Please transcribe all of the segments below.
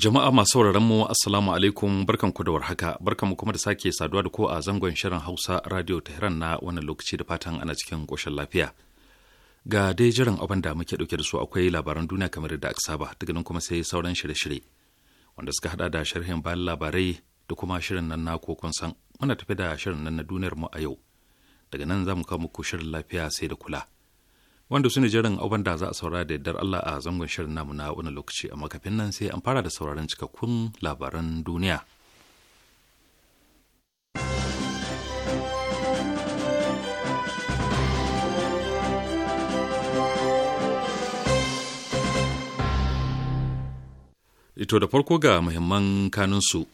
Jama'a masu sauraron mu Assalamu alaikum barkanku da warhaka barkanku kuma da sake saduwa da ko a zangon shirin Hausa Radio Tehran na wannan lokaci da fatan ana cikin koshin lafiya. Ga dai jiran abin da muke dauke da su akwai labaran duniya kamar da aka saba daga nan kuma sai sauran shirye-shirye wanda suka hada da sharhin bayan labarai da kuma shirin nan na ko kun san muna tafi da shirin nan na duniyar mu a yau. Daga nan za mu kawo muku shirin lafiya sai da kula. wanda su ne jiran abin da za a saurara da yardar Allah a zangon shirin namu na wani lokaci amma kafin nan sai an fara da sauraron cikakkun labaran duniya. Ito da farko ga muhimman kanunsu.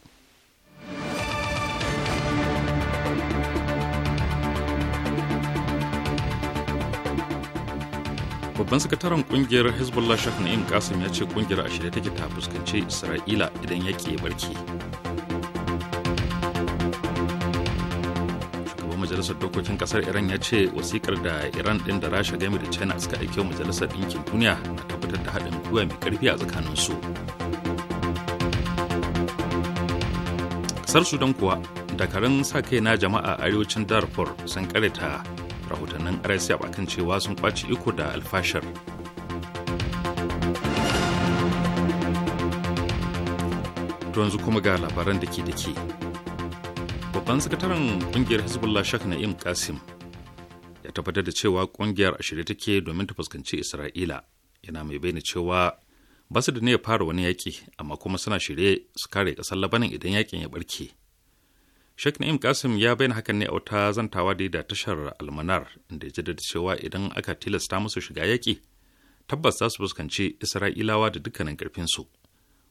babban sakataren kungiyar hezbollah shah na'im kasim ya ce kungiyar a shirya take ta fuskanci isra'ila idan yake ya barki. shugaban majalisar dokokin kasar iran ya ce wasikar da iran din da rasha game da china suka aiki majalisar ɗinkin duniya na tabbatar da haɗin gwiwa mai ƙarfi a tsakaninsu kasar sudan kuwa dakarun sa kai na jama'a arewacin darfur sun karita rahotannin a kan cewa sun kwaci iko da alfashar yanzu kuma ga labaran da ke da ke babban sakataren kungiyar hezbollah shak na'im kasim ya tabbatar da cewa kungiyar a shirye take domin ta fuskanci isra'ila yana mai bayyana cewa basu su da ne ya fara wani yaƙi amma kuma suna shirye su kare ƙasar labanin idan yaƙin ya barke Sheikh Na'im Kasim ya bayyana hakan ne a wata zantawa da da tashar Almanar inda ya jaddada cewa idan aka tilasta musu shiga yaƙi tabbas za su fuskanci Isra'ilawa da dukkanin ƙarfinsu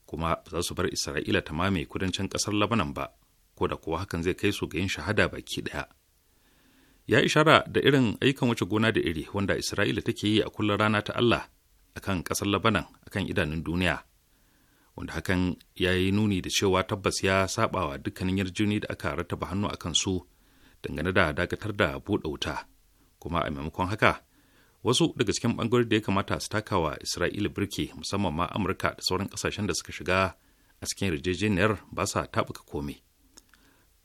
kuma ba za su bar Isra'ila ta mame kudancin ƙasar Labanan ba ko da kuwa hakan zai kai su ga yin shahada baki ɗaya. Ya ishara da irin aikan wuce gona da iri wanda Isra'ila take yi a kullum rana ta Allah akan ƙasar Labanan akan idanun duniya. wanda hakan ya yi nuni da cewa tabbas ya sabawa dukkanin yarjejeni da aka rattaba hannu a kansu dangane da dakatar da buɗe wuta kuma a maimakon haka wasu daga cikin bangarori da ya kamata su taka wa isra'ila birki musamman ma amurka da sauran kasashen da suka shiga a cikin yarjejeniyar ba sa taɓuka komai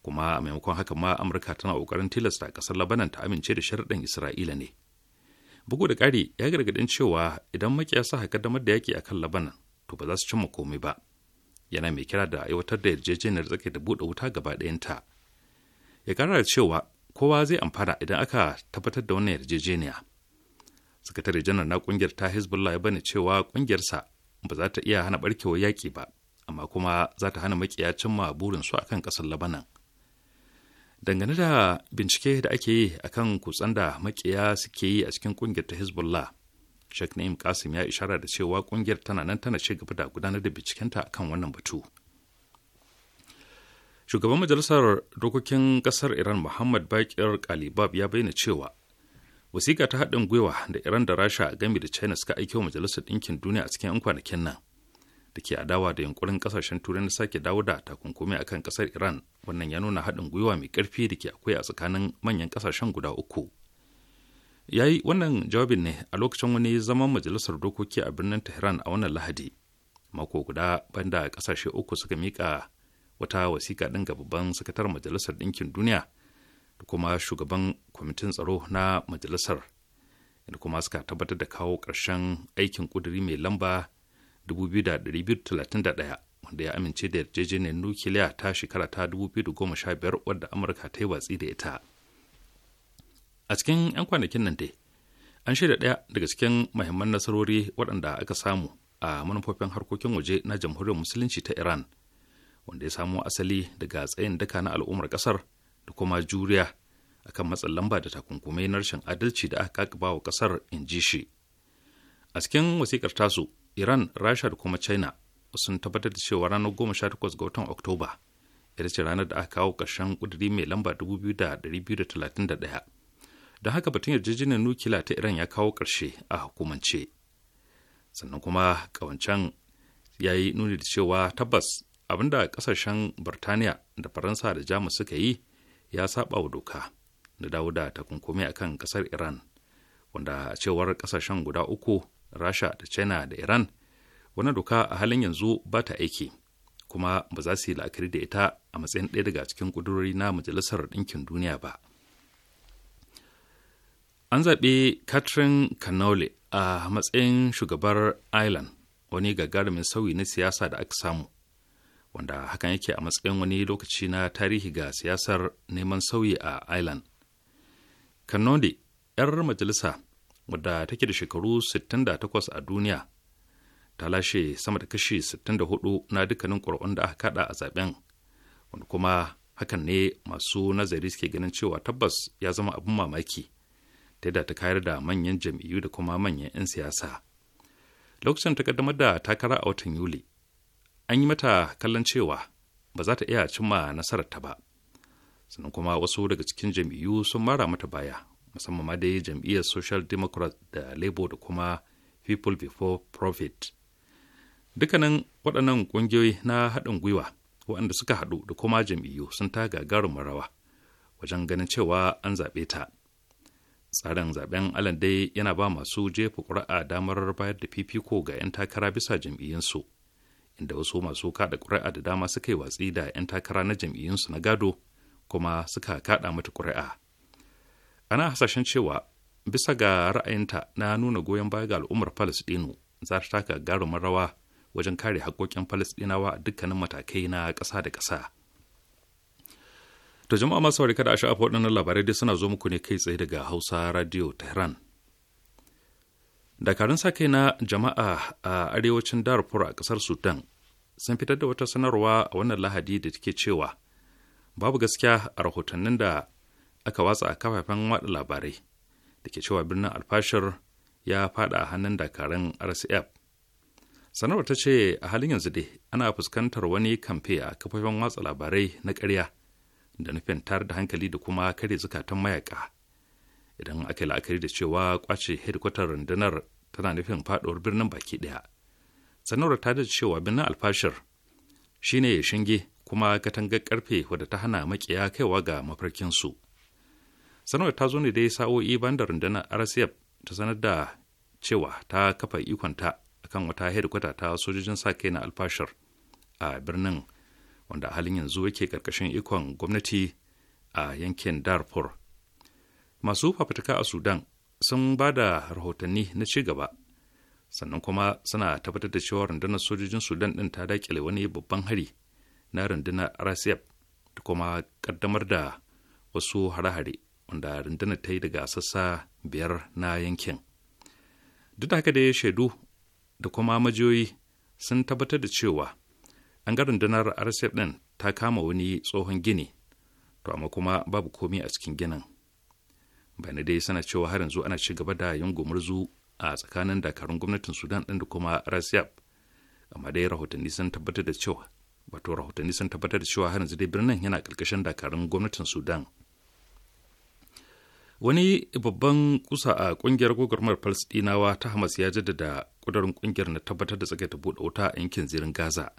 kuma a maimakon haka ma amurka tana ƙoƙarin tilasta ƙasar labanan ta amince da sharaɗin isra'ila ne bugu da ƙari ya gargaɗin cewa idan makiya sa damar da yaƙi akan labanan to ba za su cimma komai ba yana mai kira da aiwatar da yarjejeniyar tsake da buɗe wuta gaba ɗayanta ya ƙara da cewa kowa zai amfana idan aka tabbatar da wannan yarjejeniya sakatare janar na ƙungiyar ta hezbollah ya bani cewa ƙungiyarsa ba za ta iya hana ɓarkewar yaƙi ba amma kuma za ta hana makiya cimma burin su akan ƙasar labanan dangane da bincike da ake yi akan kutsan da makiya suke yi a cikin ƙungiyar ta hezbollah Sheikh Na'im Kasim ya ishara da cewa kungiyar tana nan tana ci gaba da gudanar da bincikenta akan wannan batu. Shugaban Majalisar Dokokin Ƙasar Iran Muhammad Bakir Kalibab ya bayyana cewa wasiƙa ta haɗin gwiwa da Iran da Rasha a game da China suka aiki wa Majalisar Ɗinkin Duniya a cikin 'yan kwanakin nan da ke adawa da yunkurin ƙasashen Turai na sake dawo da takunkumi a kan ƙasar Iran wannan ya nuna haɗin gwiwa mai ƙarfi da ke akwai a tsakanin manyan ƙasashen guda uku. ya yi wannan jawabin ne a lokacin wani zaman majalisar dokoki a birnin tehran a wannan lahadi mako guda banda kasashe uku suka mika wata wasiƙa ɗin ga babban sakatar majalisar ɗinkin duniya da kuma shugaban kwamitin tsaro na majalisar da kuma suka tabbatar da kawo ƙarshen aikin ƙuduri mai lamba 2231 wanda ya amince da yarjejeniyar nukiliya ta shekara ta 2015 wadda amurka ta yi watsi da ita a cikin 'yan kwanakin nan dai an shirya ɗaya daga cikin mahimman nasarori waɗanda aka samu a manufofin harkokin waje na jamhuriyar musulunci ta iran wanda ya samo asali daga tsayin daka na al'ummar ƙasar da kuma juriya akan matsin lamba da takunkumai na rashin adalci da aka kaka wa ƙasar in ji shi a cikin wasikar tasu iran rasha da kuma china sun tabbatar da cewa ranar goma sha takwas ga watan oktoba ita ce ranar da aka kawo ƙarshen ƙuduri mai lamba dubu biyu biyu da da da talatin ɗaya. don haka batun yarjejeniyar nukila ta iran ya kawo ƙarshe a hukumance sannan kuma ƙawancen ya yi nuni da cewa tabbas abinda ƙasashen birtaniya da faransa da jamus suka yi ya saba wa doka da dawo da takunkumi kan ƙasar iran wanda a cewar ƙasashen guda uku rasha da china da iran wani doka a halin yanzu ba ta aiki kuma ba za su yi la'akari da ita a matsayin ɗaya daga cikin ƙudurori na majalisar ɗinkin duniya ba. An zaɓi Catherine Canole a matsayin shugabar Ireland wani gagarumin sauyi na siyasa da aka samu, wanda hakan yake a matsayin wani lokaci na tarihi ga siyasar neman sauyi a Ireland. Canole, 'yar majalisa wadda take da shekaru 68 a duniya, ta lashe sama da kashi 64 na dukkanin ƙuri'un da aka kada a zaɓen wanda kuma hakan ne masu nazari suke ganin cewa tabbas ya zama abin mamaki. ta yadda ta kayar da manyan jam'iyyu da kuma manyan 'yan siyasa lokacin ta kaddamar da takara a watan yuli an yi mata kallon cewa ba za ta iya cimma nasarar ta ba sannan kuma wasu daga cikin jam'iyyu sun mara mata baya musamman ma dai jam'iyyar social democrat da labour da kuma people before profit dukkanin waɗannan ƙungiyoyi na haɗin gwiwa waɗanda suka haɗu da kuma jam'iyyu sun ta gagarumin rawa wajen ganin cewa an zaɓe ta tsarin zaben allen dai yana ba masu jefa ƙuri'a damar bayar da fifiko ga 'yan takara bisa jam'iyyunsu inda wasu masu kada ƙuri'a da dama suka yi watsi da 'yan takara na jam'iyyunsu na gado kuma suka kada mata ƙuri'a ana hasashen cewa bisa ga ra'ayinta na nuna goyon baya ga al'ummar palestinu za ta taka garumin rawa wajen kare haƙƙoƙin palestinawa a dukkanin matakai na ƙasa da ƙasa To jama'a masu warika da sha'afa waɗannan labarai dai suna zo muku ne kai tsaye daga Hausa Radio Tehran. Dakarun sa kai na jama'a a arewacin Darfur a ƙasar Sudan sun fitar da wata sanarwa a wannan lahadi da take cewa babu gaskiya a rahotannin da aka watsa a kafafen watsa labarai da ke cewa birnin alfashir ya fada a hannun dakarun RCF. Sanarwar ta ce a halin yanzu dai ana fuskantar wani kamfe a kafafen watsa labarai na ƙarya. da nufin tar da hankali da kuma kare zukatan mayaka idan aka yi la'akari da cewa kwace hedikwatar rundunar tana nufin faɗuwar birnin baki ɗaya sanarwar ta da cewa birnin alfashir shine ya shinge kuma katangar karfe wadda ta hana makiya kaiwa ga mafarkinsu sanarwar ta zo ne dai sa'o'i ban da rundunar rsf ta sanar da cewa ta kafa ikonta akan wata hedikwata ta sojojin sa kai na alfashir a birnin wanda a halin yanzu yake ƙarƙashin ikon gwamnati a yankin darfur masu fafutuka a sudan sun ba da rahotanni na ci gaba sannan kuma suna tabbatar da cewa rundunar sojojin sudan ɗin ta dakile wani babban hari na rundunar rsf da kuma ƙaddamar da wasu hare-hare wanda rundunar ta yi daga sassa biyar na yankin duk da haka ya shaidu da kuma majiyoyi sun tabbatar da cewa an ga rundunar rsf ɗin ta kama wani tsohon gini to amma kuma babu komi a cikin ginin bani dai sana cewa har yanzu ana ci gaba da yin gumurzu a tsakanin dakarun gwamnatin sudan ɗin da kuma rsf amma dai rahotanni sun tabbatar da cewa wato rahotanni sun tabbatar da cewa har yanzu dai birnin yana karkashin dakarun gwamnatin sudan wani babban kusa a kungiyar gwagwarmar palestinawa ta hamas ya jaddada kudurin kungiyar na tabbatar da tsakaita buɗe wuta a yankin zirin gaza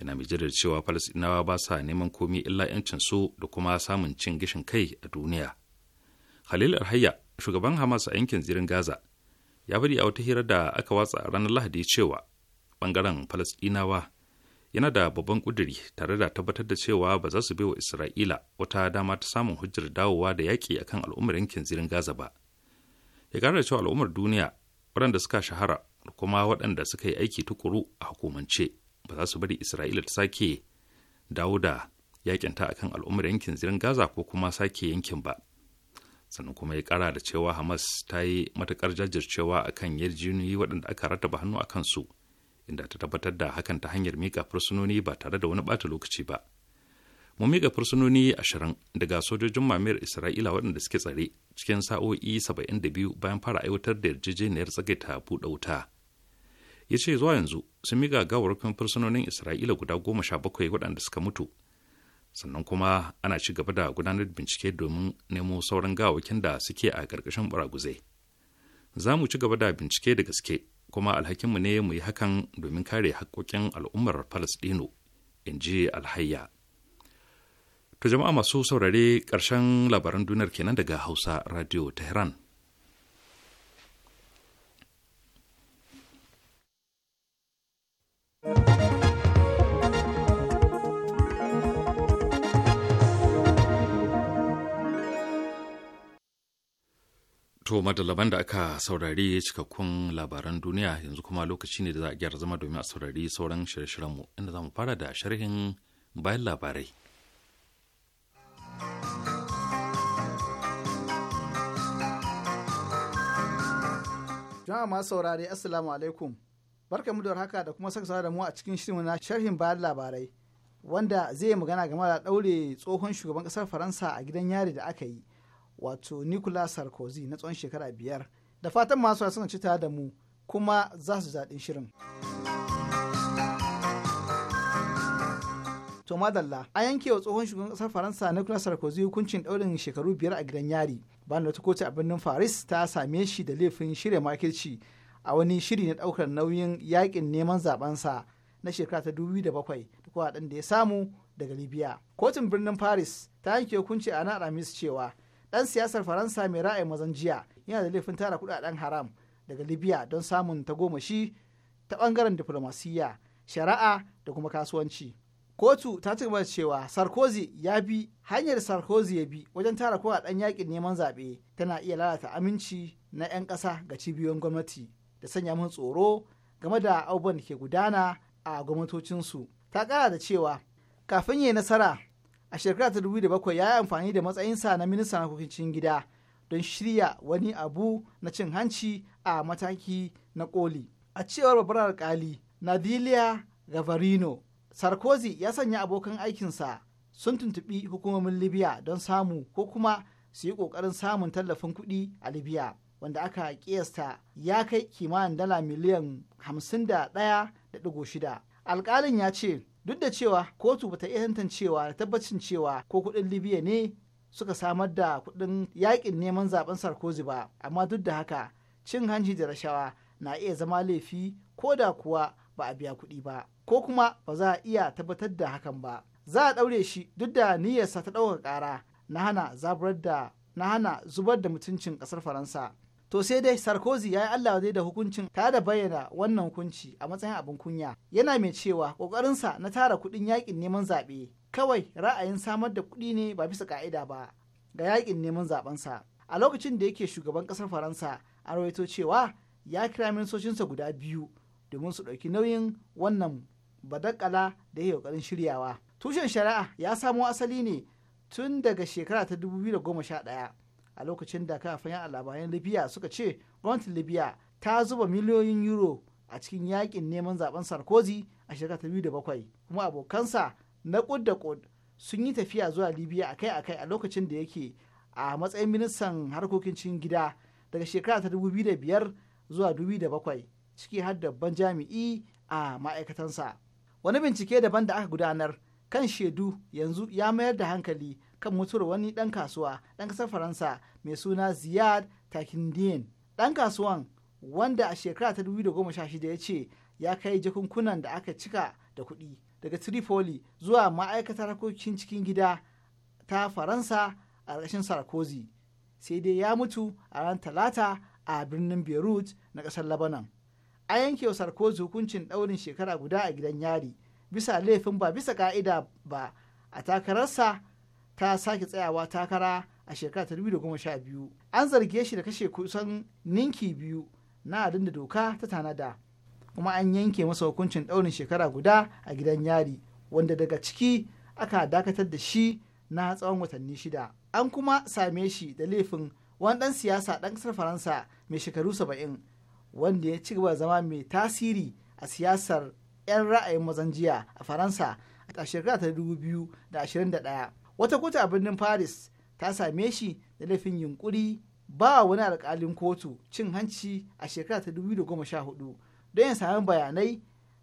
yana mai jirar cewa falasɗinawa ba sa neman komi illa 'yancin su da kuma samun cin gishin kai a duniya khalil alhayya shugaban hamas a yankin zirin gaza ya bari a wata hira da aka watsa a ranar lahadi cewa bangaren falasɗinawa yana da babban ƙuduri tare da tabbatar da cewa ba za su wa isra'ila wata dama ta samun hujjar dawowa da yaƙi akan al'ummar yankin zirin gaza ba ya ƙara da cewa al'ummar duniya waɗanda suka shahara da kuma waɗanda suka yi aiki tukuru a hukumance ba za su bari isra'ila ta sake dawo da yakinta akan al'ummar yankin zirin gaza ko kuma sake yankin ba sannan kuma ya kara da cewa hamas ta yi matukar jajircewa a kan yarjejeniyoyi waɗanda aka rattaba hannu a kansu inda ta tabbatar da hakan ta hanyar mika fursunoni ba tare da wani bata lokaci ba mu mika fursunoni ashirin daga sojojin mamayar isra'ila waɗanda suke tsare cikin sa'o'i saba'in da biyu bayan fara aiwatar da yarjejeniyar tsagaita buɗe wuta ya ce zuwa yanzu sun gawar gawarwakin fursunonin isra'ila guda goma sha bakwai waɗanda suka mutu sannan kuma ana ci gaba da gudanar bincike domin nemo sauran gawakin da suke a ƙarƙashin baraguzai za mu ci gaba da bincike da gaske kuma alhakinmu ne mu yi hakan domin kare haƙoƙin al'ummar falasɗinu in ji alhayya to jama'a masu saurare ƙarshen labaran duniyar kenan daga hausa radio tehran To madalaban da aka saurari cikakkun labaran duniya yanzu kuma lokaci ne da za a gyara zama domin a saurari sauran shirye-shiryenmu inda za mu fara da sharhin bayan labarai. Jama'a saurari Assalamu alaikum. barka mu da haka da kuma saka da mu a cikin shirin na sharhin bayan labarai wanda zai magana game da daure tsohon shugaban kasar faransa a gidan yari da aka yi wato nicolas sarkozy na tsawon shekara biyar da fatan masu suna ci tare da mu kuma za su zaɗin shirin. to madalla a yankewa tsohon shugaban kasar faransa nicolas sarkozy hukuncin daurin shekaru biyar a gidan yari bayan da ta kotu a birnin paris ta same shi da laifin shirya makirci a wani shiri na ɗaukar nauyin yakin neman zabensa na shekara ta 2007 da kuma da ya samu daga libya kotun birnin paris ta yanke hukunci a nan alhamis cewa dan siyasar faransa mai ra'ayin mazan jiya yana da laifin tara kuɗaɗen haram daga libya don samun ta tagomashi ta bangaren diflomasiyya shari'a da kuma kasuwanci kotu ta ci cewa sarkozy ya bi hanyar sarkozy ya bi wajen tara kuɗaɗen yakin neman zaɓe tana iya lalata aminci na 'yan ƙasa ga cibiyoyin gwamnati da sanya mun tsoro game da abubuwan da ke gudana a gwamnatocinsu ta kara da cewa kafin ya nasara a shekara ta dubu da ya yi amfani da matsayinsa na ministan harkokin gida don shirya wani abu na cin hanci a mataki na koli a cewar babbar alkali nadilia gavarino sarkozy ya sanya abokan aikinsa sun tuntuɓi hukumomin libya don samu ko kuma su yi ƙoƙarin samun tallafin kuɗi a libya wanda aka kiyasta ya kai kimanin dala miliyan hamsin da da shida. alkalin ya ce duk da cewa kotu bata iya tantancewa da tabbacin cewa ko kudin libya ne suka samar da kudin yakin neman zaben sarkozy ba amma duk da haka cin hanci da rashawa na iya zama laifi ko da kuwa ba a biya kuɗi ba ko kuma ba za a iya tabbatar da hakan ba za a ɗaure shi duk da niyyarsa ta ɗaukar kara na hana na hana zubar da mutuncin ƙasar faransa to sai dai sarkozy ya yi allah zai da hukuncin ta da bayyana wannan hukunci a matsayin abin kunya yana mai cewa kokarinsa na tara kuɗin yakin neman zaɓe kawai ra'ayin samar da kuɗi ne ba bisa ka'ida ba ga yakin neman zaɓensa a lokacin da yake shugaban ƙasar faransa an rawaito cewa ya kira ministocinsa guda biyu domin su ɗauki nauyin wannan badakala da yake ƙoƙarin shiryawa tushen shari'a ya samo asali ne tun daga shekara ta 2011 a lokacin da kafin yan labaran libya suka ce gwamnatin libya ta zuba miliyoyin euro a cikin yakin neman zaben sarkozy a shekara ta biyu da bakwai kuma abokansa na kud da kud sun yi tafiya zuwa libya akai akai a lokacin da yake a matsayin ministan harkokin cikin gida daga shekara ta dubu biyu da biyar zuwa dubu da bakwai ciki har ban jami'i a ma'aikatansa wani bincike daban da aka gudanar kan shaidu yanzu ya mayar da hankali kan mutuwar wani ɗan kasuwa ɗan ƙasar faransa mai suna Ziyad Takindiyan. Ɗan kasuwan wanda a shekara ta 2016 ya ce ya kai jakunkunan da aka cika da kuɗi daga Tripoli zuwa ma'aikatar harkokin cikin gida ta Faransa a ƙarƙashin Sarkozy. Sai dai ya mutu a ran Talata a birnin Beirut na ƙasar Lebanon. A yanke wa Sarkozy hukuncin ɗaurin shekara guda a gidan yari bisa laifin ba bisa ƙa'ida ba a takararsa ta sake tsayawa takara a shekara ta biyu. an zarge shi da kashe kusan ninki biyu na adin da doka ta tanada kuma an yanke masa hukuncin daurin shekara guda a gidan yari wanda daga ciki aka dakatar da shi na tsawon watanni shida an kuma same shi da laifin wani ɗan siyasa ɗan ƙasar faransa mai shekaru saba'in wanda ya ci gaba zama mai tasiri a siyasar 'yan ra'ayin mazan jiya a faransa a shekara ta 2021 wata kotu a birnin paris ta same shi da laifin yunkuri ba wani alkalin kotu cin hanci a shekara ta 2014 don yin sami bayanai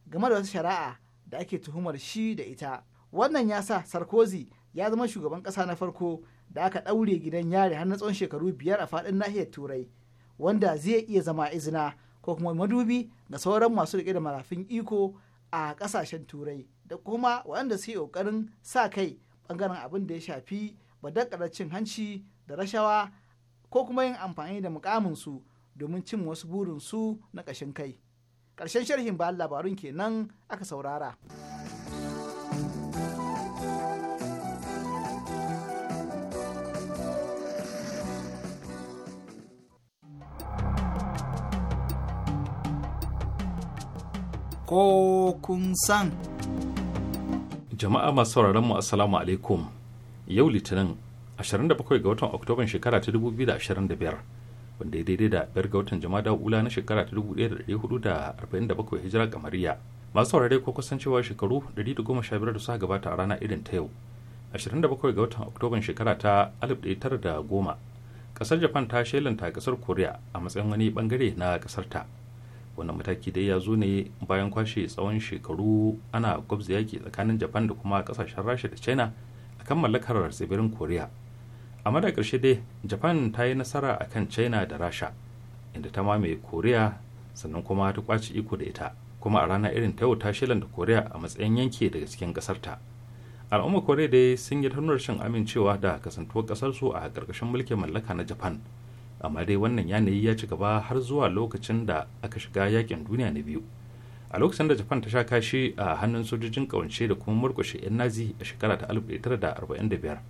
game da wasu shari'a da ake tuhumar shi da ita wannan ya sa sarkozy ya zama shugaban ƙasa na farko da aka ɗaure gidan yari har na tsawon shekaru biyar a faɗin nahiyar turai wanda zai iya zama izina ko kuma madubi ga sauran masu riƙe da marafin iko a ƙasashen turai da kuma waɗanda suke ƙoƙarin sa kai ɓangaren abin da ya shafi da cin hanci da rashawa ko kuma yin amfani da mukaminsu domin cin wasu burinsu na ƙashin kai. Ƙarshen sharhin ba labarun kenan aka saurara. Ko kun san. Jama'a masu sauraron mu Assalamu alaikum. yau litinin 27 ga watan oktoban shekara ta 2025 wanda ya daidai da biyar ga watan jama'a ula na shekara ta 1447 hijira kamariya masu saurare ko kusan cewa shekaru 115 da suka gabata a rana irin ta yau 27 ga watan oktoban shekara ta 1910 kasar japan ta shelanta kasar korea a matsayin wani bangare na kasar ta wannan mataki dai ya zo ne bayan kwashe tsawon shekaru ana gwabza yaki tsakanin japan da kuma kasashen rasha da china kan mallakar tsibirin koriya a mada karshe dai japan ta yi nasara a kan china da rasha inda ta mamaye koriya sannan kuma ta kwace iko da ita kuma a rana irin ta yau ta shilan da koriya a matsayin yanki daga cikin ƙasarta al'umma koriya dai sun yi tanuwar shin amincewa da kasantuwar ƙasarsu a ƙarƙashin mulkin mallaka na japan amma dai wannan yanayi ya ci gaba har zuwa lokacin da aka shiga yakin duniya na biyu a lokacin da japan ta sha kashi a hannun sojojin kawance da kuma murkushe 'yan nazi a shekara ta 1945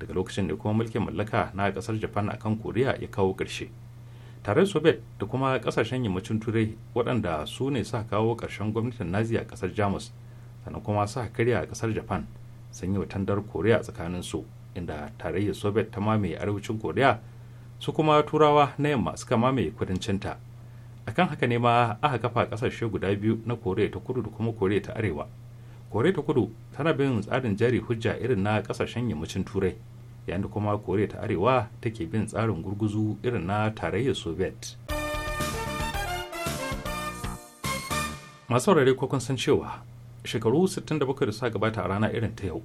daga lokacin da kuma mulkin mallaka na kasar japan a kan koriya ya kawo ƙarshe tare soviet da kuma kasashen yammacin turai waɗanda su ne sa kawo ƙarshen gwamnatin nazi a kasar jamus sannan kuma sa karya a kasar japan sun yi tandar koriya tsakanin su inda tarayyar soviet ta mamaye arewacin koriya su kuma turawa na yamma suka mamaye kudancinta akan haka ne ma aka kafa kasashe guda biyu na koriya ta kudu da kuma koriya ta arewa kore ta kudu tana bin tsarin jari hujja irin na kasashen yammacin turai yayin da kuma koriya ta arewa take bin tsarin gurguzu irin na tarayyar soviet masu saurare ko kun san cewa shekaru 67 da suka gabata a rana irin ta yau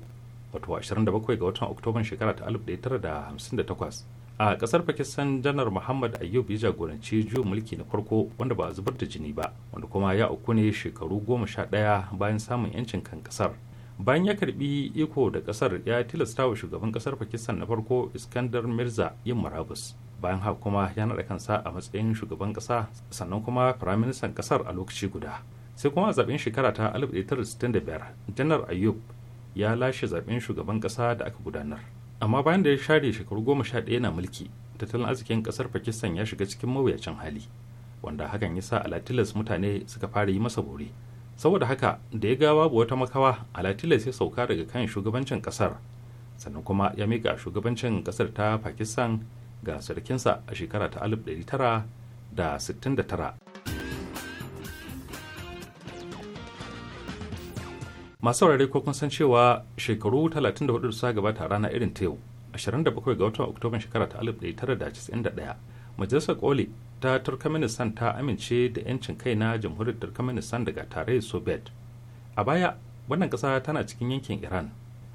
wato 27 ga watan oktoban shekara ta 1958 a kasar pakistan janar muhammad ayyub ya jagoranci juyin mulki na farko wanda ba a zubar da jini ba wanda kuma ya uku ne shekaru goma sha ɗaya bayan samun yancin kan kasar bayan ya karbi iko da kasar ya tilasta wa shugaban kasar pakistan na farko iskandar mirza yin marabus bayan haka kuma ya naɗa kansa a matsayin shugaban kasa sannan kuma firaministan kasar a lokaci guda sai kuma a zaɓen shekara ta 1965 janar ayyub ya lashe zaɓen shugaban kasa da aka gudanar amma bayan da ya share shekaru goma sha ɗaya na mulki tattalin arzikin ƙasar pakistan ya shiga cikin mawuyacin hali wanda hakan ya sa alatilas mutane suka fara yi masa bore saboda haka da ya ga babu wata makawa alatilas ya sauka daga kan shugabancin ƙasar sannan kuma ya mika shugabancin ƙasar ta pakistan ga sarkinsa a shekara ta 1969 masu saurare ko kun san cewa shekaru 34 suka gabata a rana irin ta yau 27 ga watan oktoban shekara ta 1991 majalisar koli ta turkmenistan ta amince da 'yancin kai na jamhuriyar turkmenistan daga tarayyar soviet a baya wannan kasa tana cikin yankin iran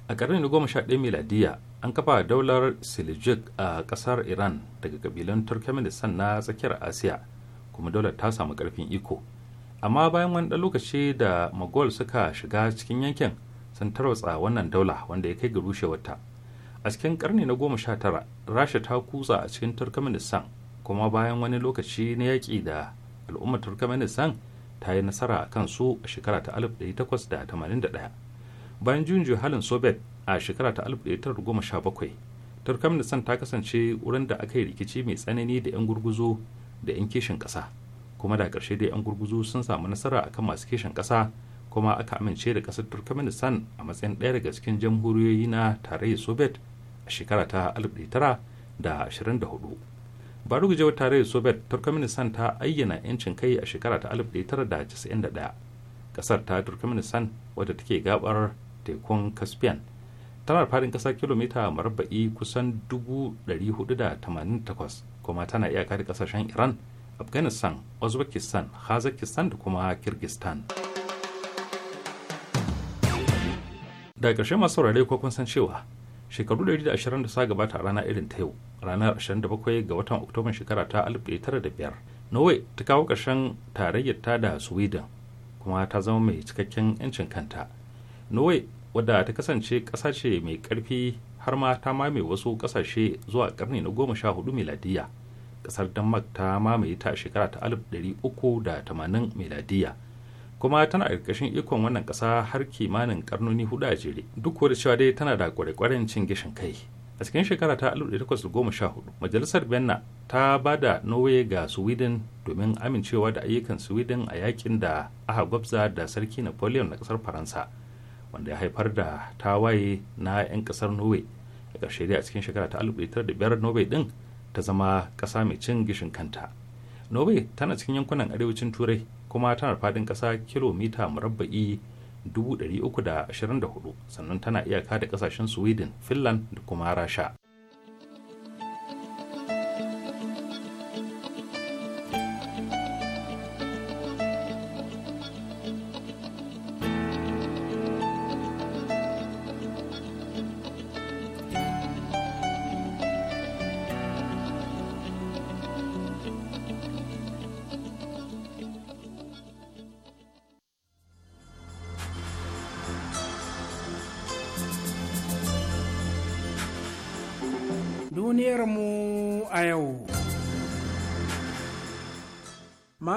a karni na goma sha ɗaya miladiya an kafa daular seljuk a ƙasar iran daga kabilan turkmenistan na tsakiyar asiya kuma daular ta samu karfin iko amma bayan wani ɗan lokaci da mogol suka shiga cikin yankin sun tarwatsa wannan daula wanda ya kai ga rushewarta a cikin karni na goma sha tara rasha ta kutsa a cikin turkmenistan kuma bayan wani lokaci na yaƙi da al'ummar turkmenistan ta yi nasara a kan su a shekara ta 1881 bayan juyin halin soviet a shekara ta 1917 turkmenistan ta kasance wurin da aka yi rikici mai tsanani da 'yan gurguzo da 'yan kishin ƙasa kuma da ƙarshe dai an gurguzu sun samu nasara akan masu kishin ƙasa kuma aka amince da ƙasar turkmenistan a matsayin ɗaya daga cikin jamhuriyoyi na tarayyar soviet a shekara ta 1924 ba rugujewar tarayyar soviet turkmenistan ta ayyana 'yancin kai a shekara ta 1991 ƙasar ta turkmenistan wadda take gabar tekun caspian tana faɗin ƙasa kilomita marabba'i kusan 488 kuma tana iyaka da ƙasashen iran afghanistan uzbekistan kazakistan da kuma kirgistan da ƙarshe masu saurare ko kun san cewa shekaru 120 da sa gabata a rana irin ta yau ranar 27 ga watan oktoban shekara ta 1905 norway ta kawo ƙarshen tarayyar ta da sweden kuma ta zama mai cikakken 'yancin kanta norway wadda ta kasance ƙasa ce mai ƙarfi har ma ta mame wasu ƙasashe zuwa ƙarni na goma sha hudu miladiyya kasar denmark ta mamaye ta shekara ta 1380 miladiya kuma tana a ƙarƙashin ikon wannan ƙasa har kimanin karnoni hudu a jere duk da cewa dai tana da kwarekwaren cin gishin kai a cikin shekara ta 1814 majalisar benna ta ba da norway ga sweden domin amincewa da ayyukan sweden a yakin da aka gwabza da sarki napoleon na ƙasar faransa wanda ya haifar da tawaye na 'yan ƙasar norway a ƙarshe dai a cikin shekara ta 1905 norway din ta zama ƙasa mai cin gishin kanta norway tana cikin yankunan arewacin turai kuma tana faɗin ƙasa kilomita murabba'i 324 sannan tana iyaka da ƙasashen sweden finland da kuma rasha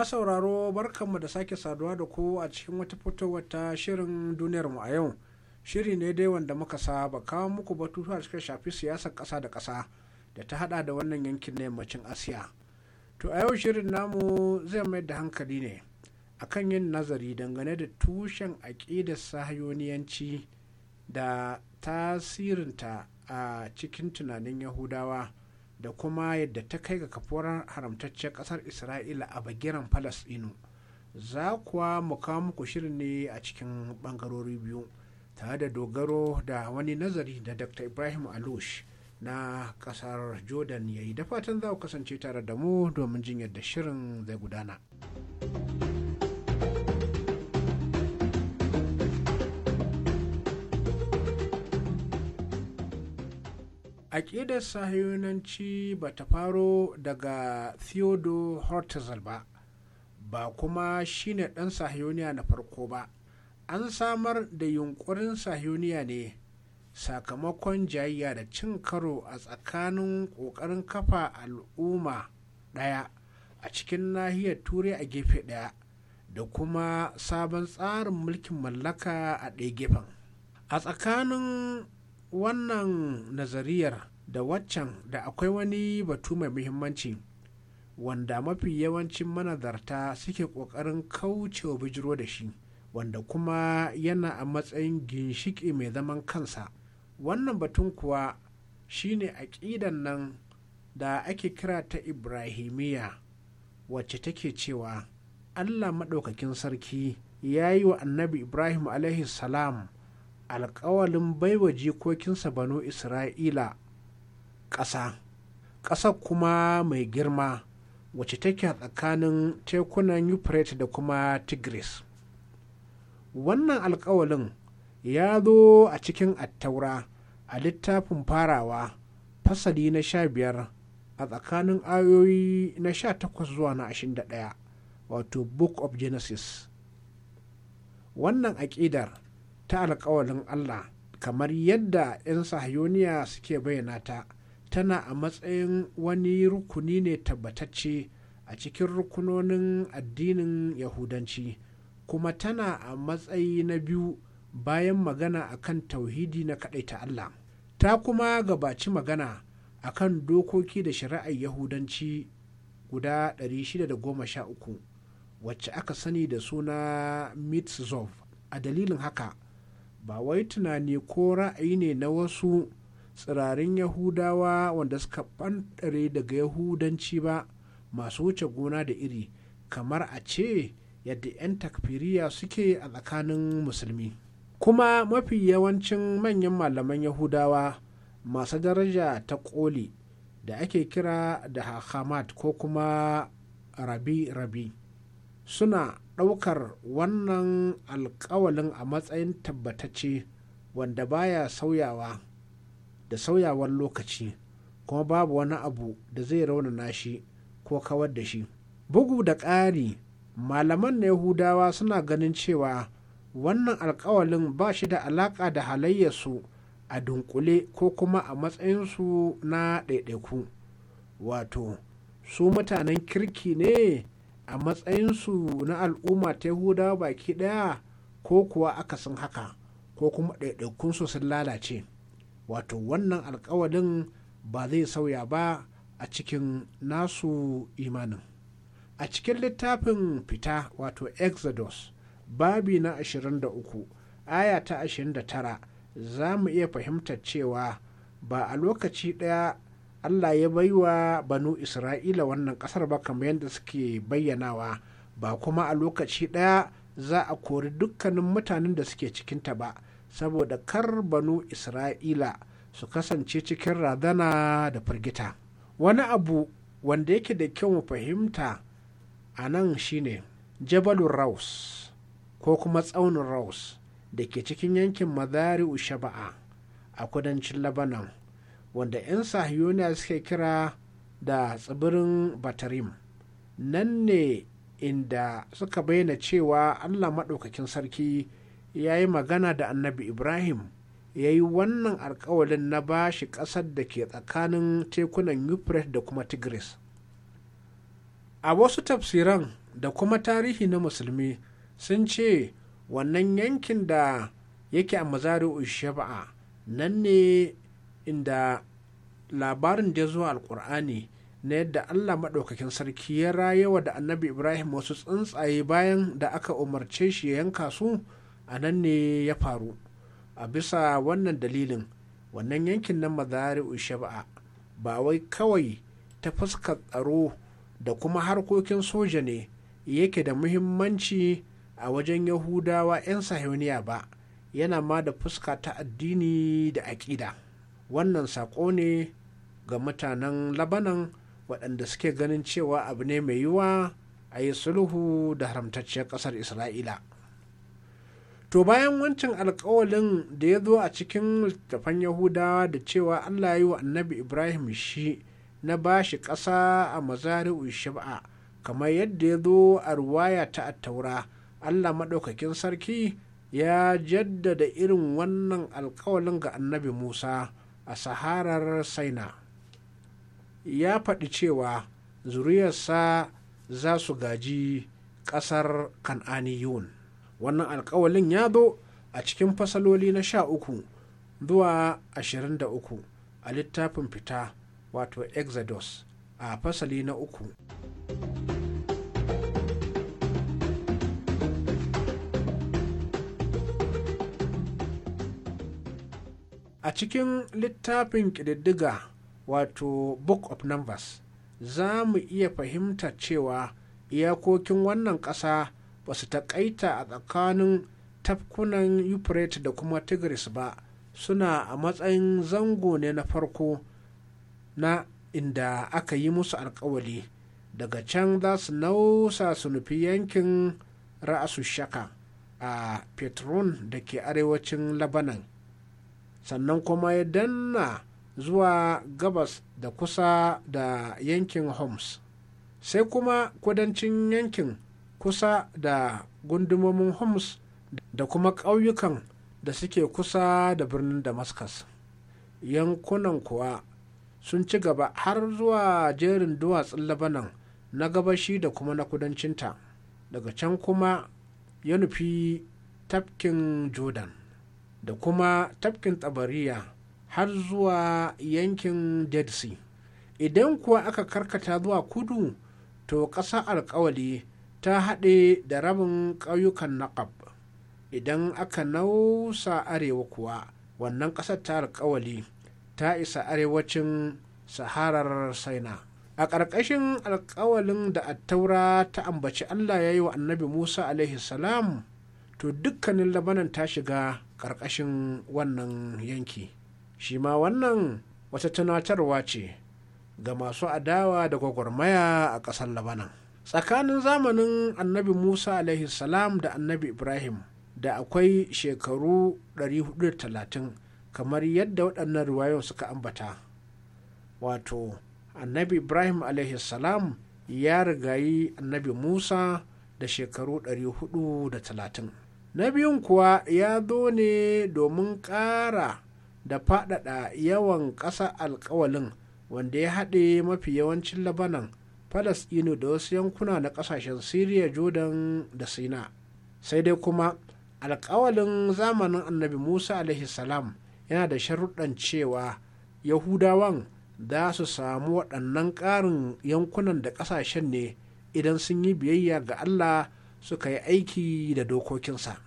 ma sauraro barkanmu da sake saduwa da ku a cikin wata fitowar ta shirin duniyarmu a yau shiri ne dai wanda muka saba kawo muku a cikin shafi siyasar ƙasa da ƙasa da ta hada da wannan yankin na yammacin asiya to a yau shirin namu zai mai da hankali ne akan yin nazari dangane da tushen aƙidar sahayoniyanci da tasirinta a cikin tunanin yahudawa da kuma yadda ta kai ga kafuwar haramtaccen ƙasar isra'ila a bagiran falasɗinu za kuwa mu kawo muku shirin ne a cikin ɓangarori biyu tare da dogaro da wani nazari da dr ibrahim alush na ƙasar jordan ya yi da fatan za ku kasance tare da mu domin jin yadda shirin zai gudana. aƙidar sahiyonanci ba ta faro daga theodore hortzel ba ba kuma shine ɗan sahiyoniya na farko ba an samar da yunkurin sahiyoniya ne sakamakon jayayya da cin karo a tsakanin ƙoƙarin kafa al'umma ɗaya a cikin nahiyar turai a gefe ɗaya da kuma sabon tsarin mulkin mallaka a ɗaya gefen a tsakanin wannan nazariyar da waccan da akwai wani batu mai muhimmanci wanda mafi yawancin manazarta suke ƙoƙarin kaucewa bijiro da shi wanda kuma yana a matsayin ginshiƙi mai zaman kansa wannan batun kuwa shine aƙidan nan da ake kira ta ibrahimiyya wacce take cewa allah maɗaukakin sarki ya yi wa annabi ibrahim salam alkawalin baiwa jikokinsa banu isra'ila ƙasa ƙasa kuma mai girma wacce take tsakanin tekunan euphrates da kuma tigris wannan alkawalin ya zo a cikin attaura a littafin farawa fasali na sha biyar a tsakanin ayoyi na sha takwas zuwa na ashirin da ɗaya wato book of genesis wannan aƙidar ta alkawalin Allah kamar yadda 'yan sahayoniya suke bayyana ta tana a matsayin wani rukuni ne tabbatacce a cikin rukunonin addinin yahudanci kuma tana a matsayi na biyu bayan magana akan tauhidi na ta Allah ta kuma gabaci magana akan dokoki da shari'ar yahudanci guda 613 wacce aka sani da suna mitzvot a dalilin haka ba wai tunani ko ra'ayi ne na wasu tsirarin yahudawa wanda suka ɓantare daga yahudanci ba masu wuce gona da iri kamar a ce yadda 'yan takfiriya suke a tsakanin musulmi kuma mafi yawancin manyan malaman yahudawa masu daraja ta koli da ake kira da hamad ko kuma rabi-rabi suna ɗaukar wannan alkawalin a matsayin tabbatacce wanda baya sauyawa da sauyawar lokaci kuma babu wani abu da zai raunana shi ko kawar da shi bugu da ƙari malaman na yahudawa suna ganin cewa wannan alkawalin ba shi da alaƙa da halayyarsu a dunkule ko kuma a matsayinsu na ɗaiɗaiku wato su mutanen kirki ne a matsayinsu na al'umma ta yahuda baki ɗaya ko kuwa akasin haka ko kuma ɗaiɗaikunsu sun lalace wato wannan alkawalin ba zai sauya ba a cikin nasu imanin a cikin littafin fita wato exodus babi na 23 aya ta 29 za mu iya fahimtar cewa ba a lokaci ɗaya allah ya baiwa banu isra'ila wannan ƙasar ba kamar yadda suke bayyanawa ba kuma a lokaci ɗaya za a kori dukkanin mutanen da suke cikinta ba saboda kar banu isra'ila su kasance cikin radana da firgita wani abu wanda yake da kyau mu fahimta a nan shine jabalun raus ko kuma tsaunin raus da ke cikin yankin mazari'u shaba'a a kudancin labanan wanda 'yan sahiyoniya suke kira da tsibirin batarim nan ne inda suka bayyana cewa allah maɗaukakin sarki ya yi magana da annabi ibrahim ya yi wannan alkawalin na ba shi ƙasar da ke tsakanin tekunan euphrates da kuma tigris a wasu tafsiran da kuma tarihi na musulmi sun ce wannan yankin da yake a mazari'u shaba'a nan ne inda labarin da ya zo alkur'ani na yadda allah maɗaukakin sarki ya rayewa da annabi ibrahim wasu tsuntsaye bayan da aka umarce shi ya yanka su a nan ne ya faru a bisa wannan dalilin wannan yankin na mazari'u shaba'a ba wai kawai ta fuskar tsaro da kuma harkokin soja ne yake da muhimmanci a wajen yahudawa 'yan sahiyoniya ba yana ma da fuska ta addini da aƙida. wannan saƙo ne ga mutanen labanan waɗanda suke ganin cewa abu ne mai yiwa a yi sulhu da haramtacciyar ƙasar isra'ila to bayan wancan alkawalin da ya zo a cikin littattafan yahudawa da cewa allah ya yi wa annabi ibrahim shi na bashi ƙasa a mazari'u shab'a kamar yadda ya zo a ruwaya ta attaura allah maɗaukakin sarki ya jaddada irin wannan alkawalin ga annabi musa a saharar saina ya faɗi cewa zuriyarsa za su gaji ƙasar kan'aniyun wannan alkawalin ya zo a cikin fasaloli na sha uku zuwa ashirin da uku a littafin fita wato exodus a fasali na uku. a cikin littafin ƙididdiga wato book of numbers za mu iya fahimta cewa iyakokin wannan ƙasa ba su taƙaita a tsakanin tafkunan euphrates da kuma tigris ba suna a matsayin zango ne na farko na inda aka yi musu alkawali daga can za su nausa su nufi yankin ra'asu shaka a petron da ke arewacin labanan sannan kuma ya danna zuwa gabas da kusa da yankin homs sai kuma kudancin yankin kusa da gundumomin homs da kuma ƙauyukan da suke kusa da birnin damascus yankunan kuwa sun ci gaba har zuwa jerin duwatsun labanan na gabashi da kuma na kudancinta daga can kuma ya nufi tafkin jordan da kuma tafkin tsabariya har zuwa yankin dead sea idan kuwa aka karkata zuwa kudu to ƙasa alkawali ta haɗe da rabin ƙauyukan naƙab idan aka nausa arewa kuwa wannan ƙasar ta alkawali ta isa arewacin saharar saina a ƙarƙashin alkawalin da attaura ta ambaci allah ya yi wa annabi musa alaihi salam to dukkanin labanan ta shiga ƙarƙashin wannan yanki shi ma wannan wata tunatarwa ce ga masu adawa da gwagwarmaya a ƙasar labanan tsakanin zamanin annabi musa alaihi salam da annabi ibrahim da akwai shekaru 430 kamar yadda waɗannan riwayoyin suka ambata wato annabi ibrahim alaihi salam ya rigayi annabi musa da shekaru 430 na biyun kuwa ya zo ne domin ƙara da faɗaɗa yawan ƙasa alkawalin wanda ya haɗe mafi yawancin labanan falasɗinu da wasu yankuna na ƙasashen siriya jordan da sina sai dai kuma alkawalin zamanin annabi musa salam yana da sharuɗan cewa yahudawan za su samu waɗannan ƙarin yankunan da ƙasashen ne idan sun yi biyayya ga allah suka yi aiki da dokokinsa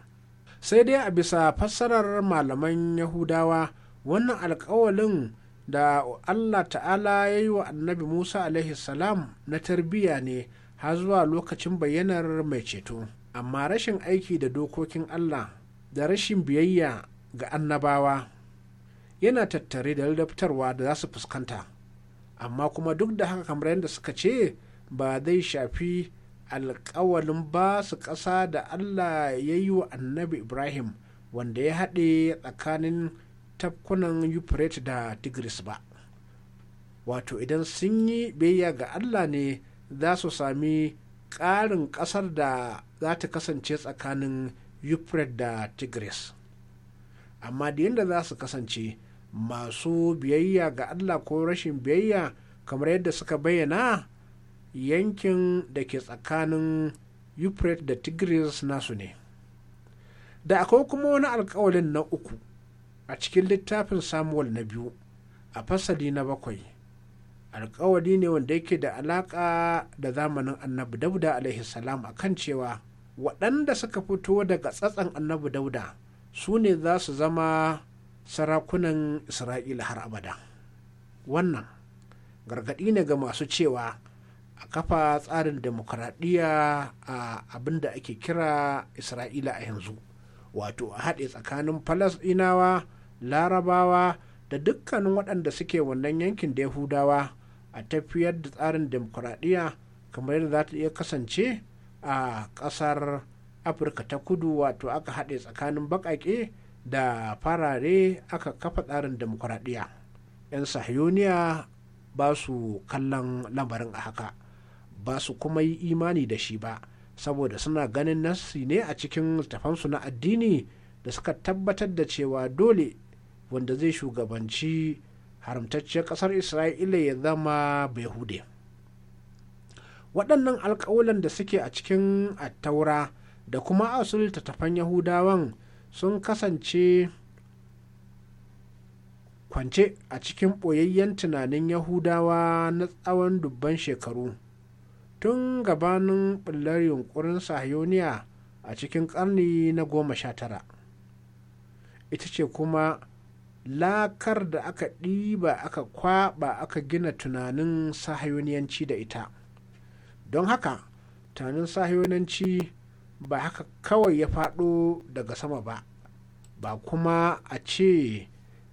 sai dai a bisa fassarar malaman yahudawa wannan alkawalin da allah ta'ala ya yi wa annabi musa salam na tarbiyya ne har zuwa lokacin bayyanar mai ceto amma rashin aiki da dokokin allah da rashin biyayya ga annabawa yana tattare da ladabtarwa da za su fuskanta amma kuma duk da haka kamar yadda suka ce ba zai shafi alkawalin ba su ƙasa da allah ya yi wa annabi ibrahim wanda ya haɗe tsakanin tafkunan euphrates da tigris ba wato idan sun yi biyayya ga allah ne za su sami ƙarin ƙasar da za ta kasance tsakanin euphrates da tigris amma da yadda za su kasance masu biyayya ga allah ko rashin biyayya kamar yadda suka bayyana yankin da ke tsakanin euphrates da tigris nasu ne da akwai kuma wani alkawalin na uku a cikin littafin samuel na biyu a fasali na bakwai alkawali ne wanda yake da alaka da zamanin annabi dauda alaihi salam a kan cewa waɗanda suka fito daga tsatsan annabi dauda su ne za su zama sarakunan isra'ila har abada wannan gargaɗi ne ga masu cewa a kafa tsarin demokuraɗiyya a abinda ake kira isra'ila a yanzu wato a haɗe tsakanin falasɗinawa larabawa da dukkanin waɗanda suke wannan yankin da yahudawa a tafiyar da tsarin demokuraɗiyya kamar yadda za ta iya kasance a ƙasar afirka ta kudu wato aka haɗe tsakanin baƙaƙe da farare aka kafa tsarin demokuraɗiyya 'yan sahiyoniya ba su kallon lamarin a haka ba su kuma yi imani da shi ba saboda suna ganin nasi ne a cikin tafansu na addini da suka tabbatar da cewa dole wanda zai shugabanci haramtacciyar ƙasar isra'ila ya zama behude waɗannan alƙawulan da suke a cikin attaura da kuma asul tattafan yahudawan sun kasance kwance a cikin ɓoyayyen tunanin yahudawa na tsawon dubban shekaru tun gabanin ɓullar yunkurin sahayoniya a cikin ƙarni na goma sha tara ita ce kuma lakar da aka ɗiba aka kwaɓa aka gina tunanin sahayoniyanci da ita don haka tunanin sahayoniyanci ba haka kawai ya faɗo daga sama ba ba kuma a ce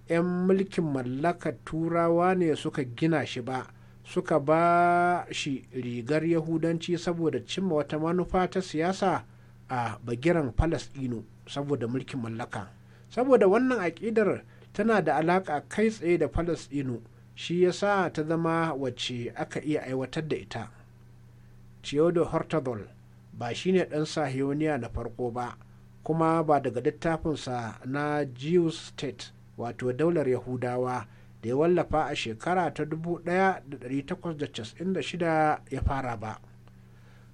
'yan mulkin mallakar turawa ne suka gina shi ba suka ba shi rigar yahudanci saboda cimma wata manufa ta siyasa a bagiran falasɗinu saboda mulkin mallaka saboda wannan aƙidar tana da alaƙa kai tsaye da falasɗinu shi ya sa ta zama wacce aka iya aiwatar da ita Ciodo Hortadol ba shine ɗan sahioniya na farko ba kuma ba daga littafinsa na Jew State wato daular Yahudawa da ya wallafa a shekara ta 1896 ya fara ba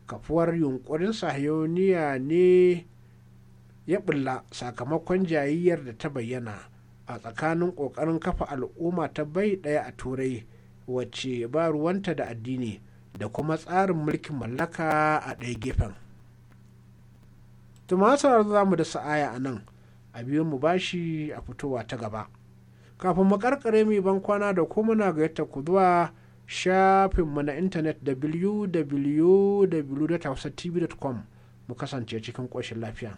kafuwar yunkurin sahiyoniya ne ya bulla sakamakon jayayyar da ta bayyana a tsakanin ƙoƙarin kafa al'umma ta bai ɗaya a turai wacce ba ruwanta da addini da kuma tsarin mulkin mallaka a ɗaya gefen tumatar za mu da sa'aya a nan a biyu mu bashi a fitowa ta gaba kafin mu karkare mai ban kwana da ku muna yadda ku zuwa shafin mu na intanet www.hausatv.com mu kasance cikin ƙoshin lafiya.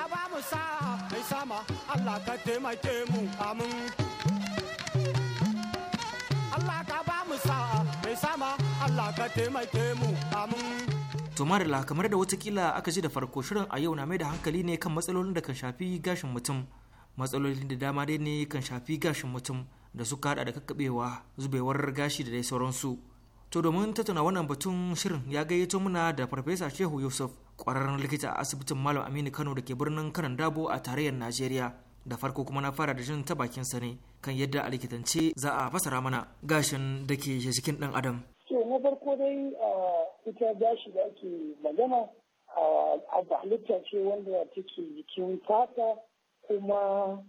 Hausa ai sama Allah ka taimake mu amin. Allah ka ba mu sa mai sama Allah ka taimake mu amin. To Marila kamar da watakila aka ji da farko shirin a yau na mai da hankali ne kan matsalolin da kan shafi gashin mutum. Matsalolin da dama dai ne kan shafi gashin mutum da suka hada da kakkabewa zubewar gashi da dai sauransu. To domin tattauna wannan batun shirin ya gayyato muna da Farfesa Shehu Yusuf kwararren likita a asibitin malam aminu kano da ke birnin kanan dabo a tarayyar najeriya da farko kuma na fara da jin ta bakin sa ne kan yadda a likitance za a fasara mana gashin da ke jikin dan adam to na farko dai ita gashi da ake magana a halitta ce wanda take jikin fata kuma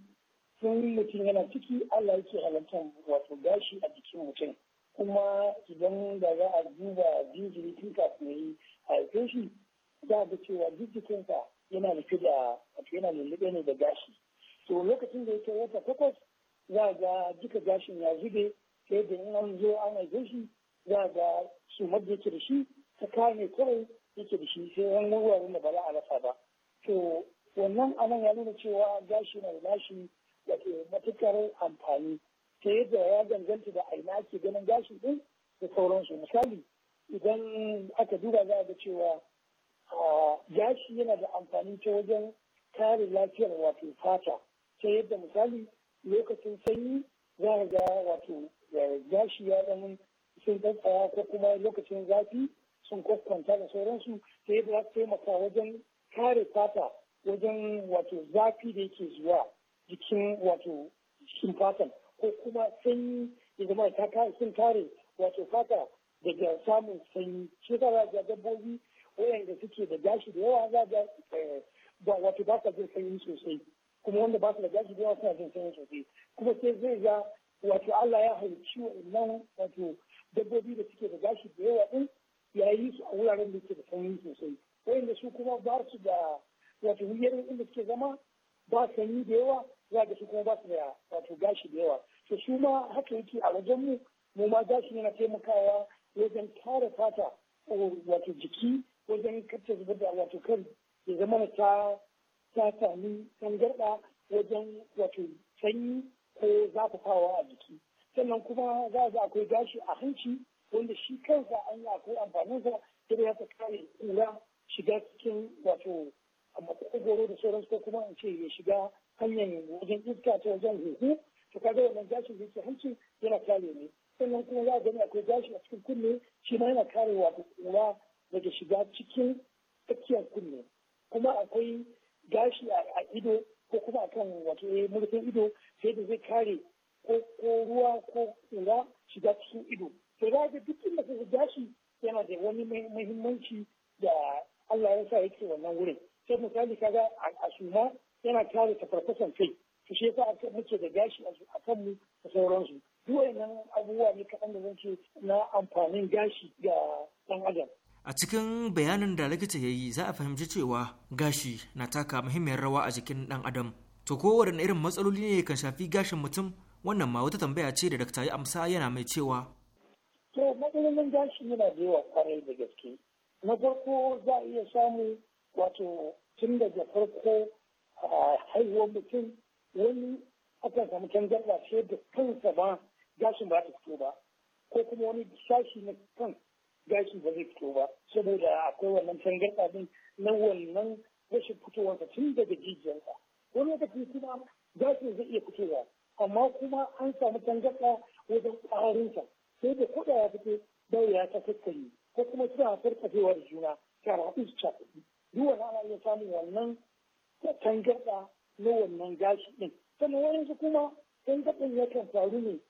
sun mutum yana ciki Allah yake halittar wato gashi a jikin mutum kuma idan da za a duba jinjiri tun kafin yi haife shi za ga cewa duk jikinsa yana rufe da yana ne da gashi to lokacin da yake wata takwas za ga duka gashin ya zube sai da in an zo an haife za ga su da yake da shi ta kame kawai yake da shi sai wani wuraren da ba za a rasa ba to wannan anan ya nuna cewa gashi na gashi da matukar amfani ta yadda ya danganta da aina ake ganin gashi din da sauransu misali idan aka duba za a ga cewa gashi yana da amfani ta wajen kare lafiyar wato fata ta yadda misali lokacin sanyi za a ga wato eh, gashi ya ɗan sun tsaya ko kuma lokacin zafi sun kwaskwanta da sauransu ta yadda za su taimaka wajen kare fata wajen wato zafi da yake zuwa jikin wato jikin fatan ko kuma sanyi ya zama sun kare wato fata daga samun sanyi shi ta ga dabbobi da suke da gashi da yawa za ga eh, ba wato ba sa jin sanyi sosai kuma wanda ba su da gashi da yawa suna jin sanyi sosai kuma sai zai ga wato Allah ya halicci wannan wato dabbobi da suke da gashi da yawa din ya yi su a wuraren da suke da sanyi sosai da su kuma ba su da wato wuyar inda suke zama ba sanyi da yawa za ga su kuma ba su da wato gashi da yawa to su ma haka yake a wajen mu mu ma gashi yana taimakawa wajen kare fata wato jiki wajen kacce zubar da wato kan ya zama ta ta sami tangarɗa wajen wato sanyi ko zafafawa a jiki sannan kuma za a akwai gashi a hanci wanda shi kansa an yi akwai sa ta da ya ta kare kura shiga cikin wato makogoro da sauransu ko kuma in ce ya shiga hanyar wajen iska ta wajen huhu to kaga wannan gashin da yake hanci yana kare ne sannan kuma za a gani akwai gashi a cikin kunne shi ma yana kare wato kura. daga shiga cikin tsakiyar kunne kuma akwai gashi a ido ko kuma akan wato eh, murfin ido sai da zai kare ko ruwa ko tsira shiga cikin ido to za ga duk inda ka gashi yana da wani muhimmanci da Allah ya sa yake wannan wurin sai misali kaga a suma yana kare farfasan kai to shi yasa aka muke da gashi a kanmu da sauransu duk wayannan abubuwa ne kaɗan da zan ce na amfanin gashi ga ɗan adam a cikin bayanin da likita ya yi za a fahimci cewa gashi na taka muhimmiyar rawa a jikin ɗan adam to kowane irin matsaloli ne kan shafi gashin mutum wannan ma wata tambaya ce da dakta ya amsa yana mai cewa to matsalolin gashi yana da yawa kwarai da gaske na farko za a iya samu wato tun daga farko a haihuwar mutum wani akan samu canjar ce da kansa ba gashin ba ta fito ba ko kuma wani sashi na kan gashi ba zai fito ba saboda akwai wannan tangarɗa din na wannan rashin fitowarsa tun daga jijiyarsa wani lokaci kuma gashin zai iya fitowa amma kuma an samu tangarɗa wajen ƙwarinsa sai da kuɗa ya fito ya ta kakkari ko kuma suna farfafewar juna ta haɗu su cakuɗi duk wani ana iya samun wannan tangarɗa na wannan gashi ɗin sannan wani kuma tangarɗin yakan faru ne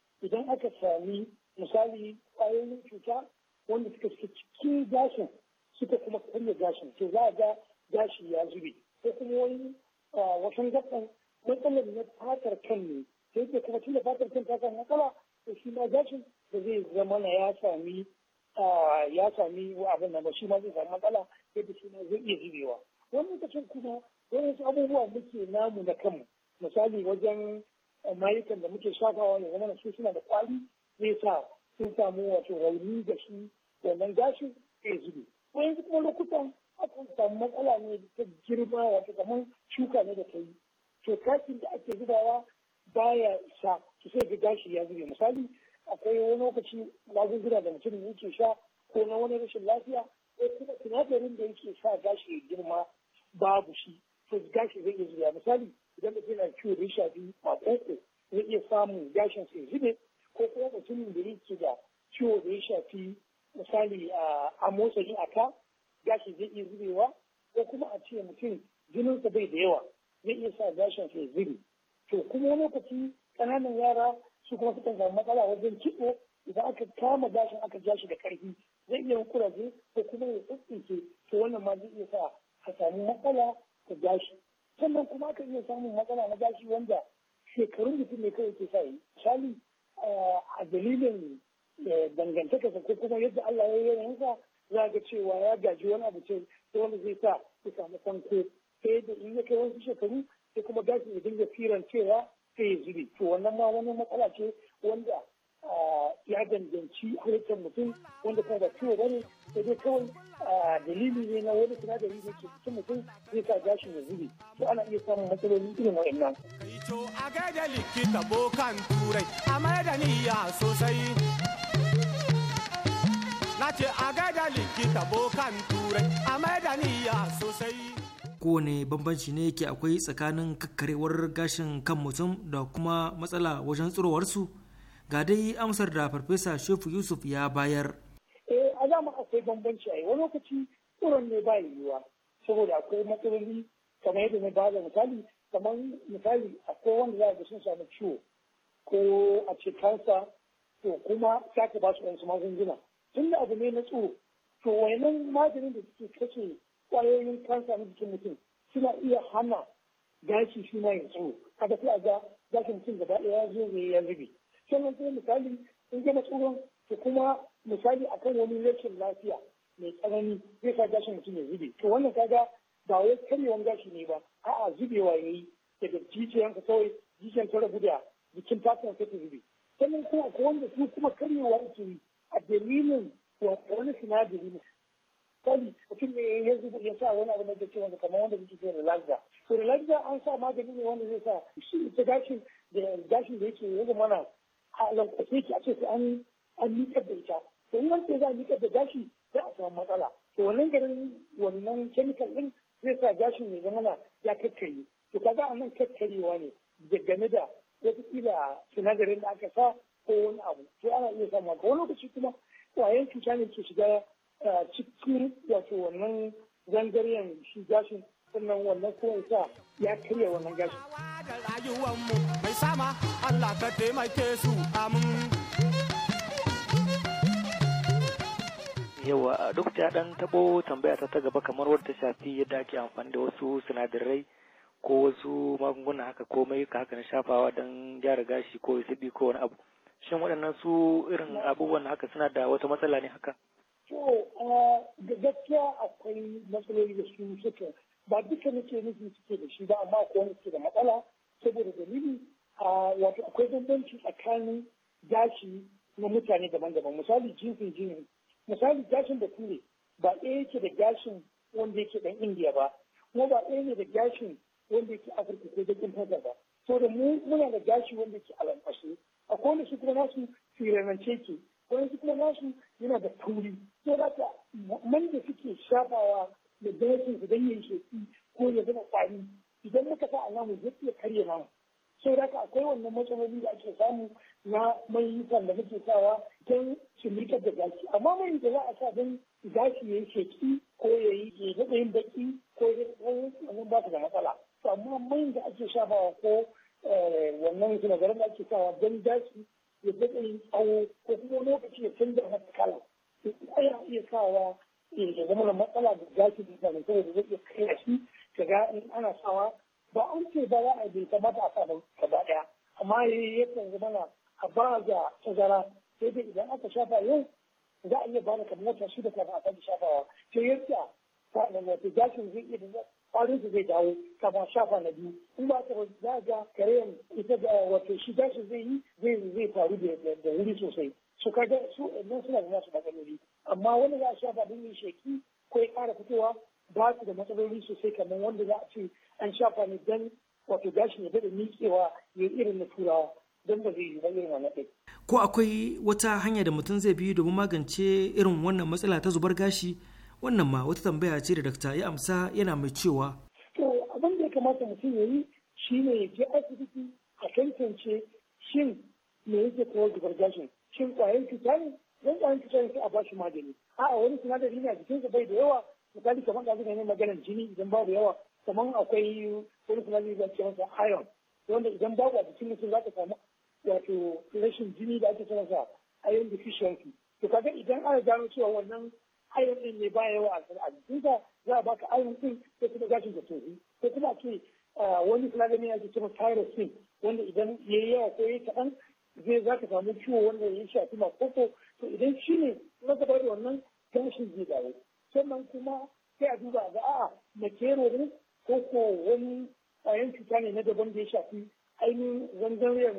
suke shafawa ya zama su suna da kwali zai sa sun samu wato rauni da shi gashi? gashin zai zube ko yanzu kuma lokutan akan samu matsala ne ta girma wato kamar shuka ne da ta yi to takin da ake zubawa baya isa su sai ga gashi ya zube misali akwai wani lokaci magunguna da mutum yake sha ko na wani rashin lafiya gashin sai zube ko kuma mutumin da yake da ciwo da ya shafi misali a motsa jin ka gashi zai iya zubewa ko kuma a ce mutum jininsa bai da yawa zai iya sa gashin sai zube to kuma wani lokaci ƙananan yara su kuma sukan samu matsala wajen kiɗo idan aka kama gashin mutum ne kawai ke sa yi misali eh, a dalilin eh, dangantakarsa ko kuma yadda Allah ya yi yanka za ga cewa ya gaji wani abu ce wanda zai sa ya samu sanko sai da in ya kai wasu shekaru sai kuma gashi ya dinga firan cewa sai ya zube to wannan ma wani matsala ce wanda ah, ya danganci halittar mutum wanda kuma ba ciwo bane sai dai kawai dalili ne na wani sinadari da ke cikin mutum zai sa gashin ya zube to ana iya samun matsaloli irin wa'annan. to a gaida likita bokan turai a da niyya sosai na ce a gaida likita bokan turai a da niyya sosai kowane bambanci ne ke akwai tsakanin kakkarewar gashin kan mutum da kuma matsala wajen tsirowarsu? su ga dai amsar da farfesa shefu yusuf ya bayar eh a zama akwai bambanci a wani lokaci tsoron ne ba yiwuwa saboda akwai matsaloli kamar yadda na ba da misali kamar misali akwai wanda za ga sun samu ciwo ko a ce kansa to kuma sake ba su wasu magunguna tun da abu ne na tsoro to wayannan maganin da suke kashe kwayoyin kansa na jikin mutum suna iya hana gashi shi ma ya tsoro kada sai a ga gashin mutum gaba ɗaya ya zo ne ya zube sannan kuma misali in gama tsoron to kuma misali akan wani rashin lafiya mai tsanani zai sa gashin mutum ya zube to wannan kaga ba wai karyewan gashi ne ba a'a zubewa ya yi daga jijiyanka kawai jijiyan ta rabu da jikin tasirin sai ta zube sannan kuma akwai wanda su kuma karyewa ke yi a dalilin wani sinadari ne kali mutum ne ya zuba ya sa wani abu na da cewa kamar wanda muke ce relaxer to relaxer an sa magani ne wanda zai sa shi ta gashin da gashin da yake ya zama na a lankwashe ki a ce sai an an da ita to in wanda za a miƙar da gashi za a samu matsala to wannan garin wannan kemikal din zai sa gashin mai zama ya kakkare to kaga a nan kakkarewa ne game da wataƙila sinadarin da aka sa ko wani abu to ana iya samu ga wani lokaci kuma kwayan cuta ne ke shiga cikin wato wannan zangaren shi gashin sannan wannan kuma ya karya wannan gashin. rayuwanmu mai sama Allah ka taimake su amin. Yawa duk da ɗan taɓo tambaya ta ta gaba kamar wadda shafi yadda ake amfani da wasu sinadarai ko wasu magunguna haka ko mai haka na shafawa don gyara gashi ko sibi ko wani abu. Shin waɗannan su irin abubuwan haka suna da wata matsala ne haka? To, da gaskiya akwai matsaloli da su suka ba duka nake nufin suke da shi ba amma akwai wani suke da matsala saboda dalili wato akwai bambanci tsakanin gashi na mutane daban-daban misali jinsin jini misali gashin da kure ba ɗaya yake da gashin wanda yake ɗan indiya ba kuma ba ɗaya ne da gashin wanda yake afirka ko bakin fata ba da mu muna da gashi wanda yake a lankwashe akwai wanda su kuma nasu firanance ke wani su kuma nasu yana da turi. so da ka man da suke shafawa da gashin su don yin sheki ko ya zama kwari idan muka sa alamu zai iya karya namu Sau da akwai wannan matsaloli da ake samu na mayukan da muke sawa don shimrikar da gashi amma mai da za a sa don gashi ya yi sheki ko ya yi daɗa yin baki ko ya daɗa wannan ba su da matsala amma mai da ake shafawa ko eh, wannan sinadaran da ake sawa don gashi ya daɗa tsawo ko kuma lokaci ya canza masa kala ana iya sawa ya zama matsala da gashi da saboda zai iya kai kaga in ana sawa ba an ce ba za a bai kamata a sa gaba daya amma yakan zama na a ba ga tazara sai dai idan aka shafa yau za a iya ba da kamar wata shida kafin a sake shafawa sai yadda sa'an wato gashin zai iya kwarin su zai dawo kafin shafa na biyu in ba ta za ga karen ita da wato shi gashin zai yi zai zai faru da wuri sosai su kaga su nan suna da nasu matsaloli amma wani za a shafa din yin sheki ko ya ƙara fitowa ba su da matsaloli sosai kamar wanda za a ce an shafa ne don wato gashi ya bada miƙewa ya irin na turawa don ba zai yi ba irin wannan ɗin. Ko akwai wata hanya da mutum zai bi domin magance irin wannan matsala ta zubar gashi wannan ma wata tambaya ce da dakta ya amsa yana mai cewa. To abin da ya kamata mutum ya yi shi ne ya je asibiti a tantance shin me yake kawar zubar gashin shin ƙwayar cuta ne don ƙwayar cuta ne sai a ba shi magani. A'a wani sinadari ne a jikinsa bai da yawa misali kamar da ne maganar jini idan babu yawa kamar akwai wani kuma zai zaki masa iron wanda idan babu a jikin mutum za ka samu wato rashin jini da ake sanarwa iron deficiency to kaga idan ana gano cewa wannan iron din ne ba yawa a jikinka za a baka iron din ko kuma gashin da tofi ko kuma ce wani sinadari ne ake cewa thyroxine wanda idan ya yi yawa ko ya yi kaɗan zai za ka samu ciwo wanda ya shafi makoko to idan shi ne na gaba da wannan gashin zai dawo sannan kuma sai a duba ga a kero ne ko ko wani ƙwayan cuta ne na daban da ya shafi ainihin zangariyar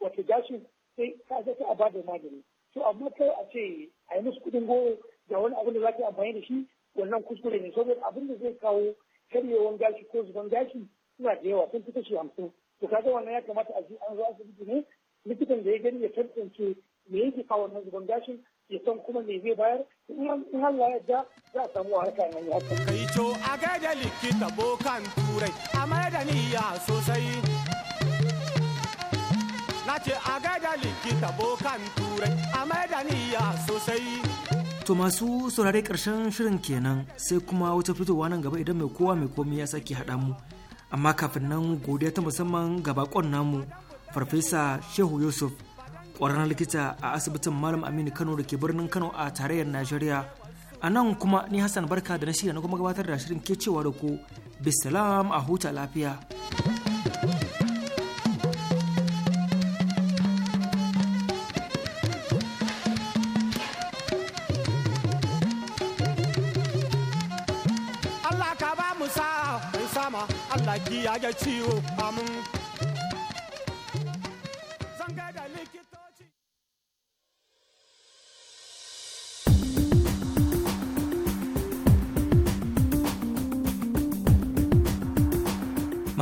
wata gashin sai ka ga a ba da magani to amma kai a ce a yi musu kuɗin goro da wani abin da za ka amfani da shi wannan kuskure ne saboda abin da zai kawo karyewan gashi ko zuban gashi suna da yawa sun fi kashi hamsin to kaga wannan ya kamata a ji an zo asibiti ne likitan da ya gani ya tantance me yake kawo wannan zuban gashin ya san kuma me zai bayar in Allah ya ja za a samu harka nan ya haka. Kai to a gaida likita bokan turai a da niya sosai. Na ce a gaida likita bokan turai a mai da niya sosai. To masu saurare ƙarshen shirin kenan sai kuma wata fitowa nan gaba idan mai kowa mai komi ya sake haɗa mu. Amma kafin nan godiya ta musamman ga bakon namu Farfesa Shehu Yusuf ƙwararren likita a asibitin malam aminu kano da ke birnin kano a tarayyar najeriya a nan kuma ni hassan barka da na shirya na kuma gabatar da shirin ke cewa da ku bisalam a huta lafiya Allah ka ba mu sama Allah ki ya ciwo amin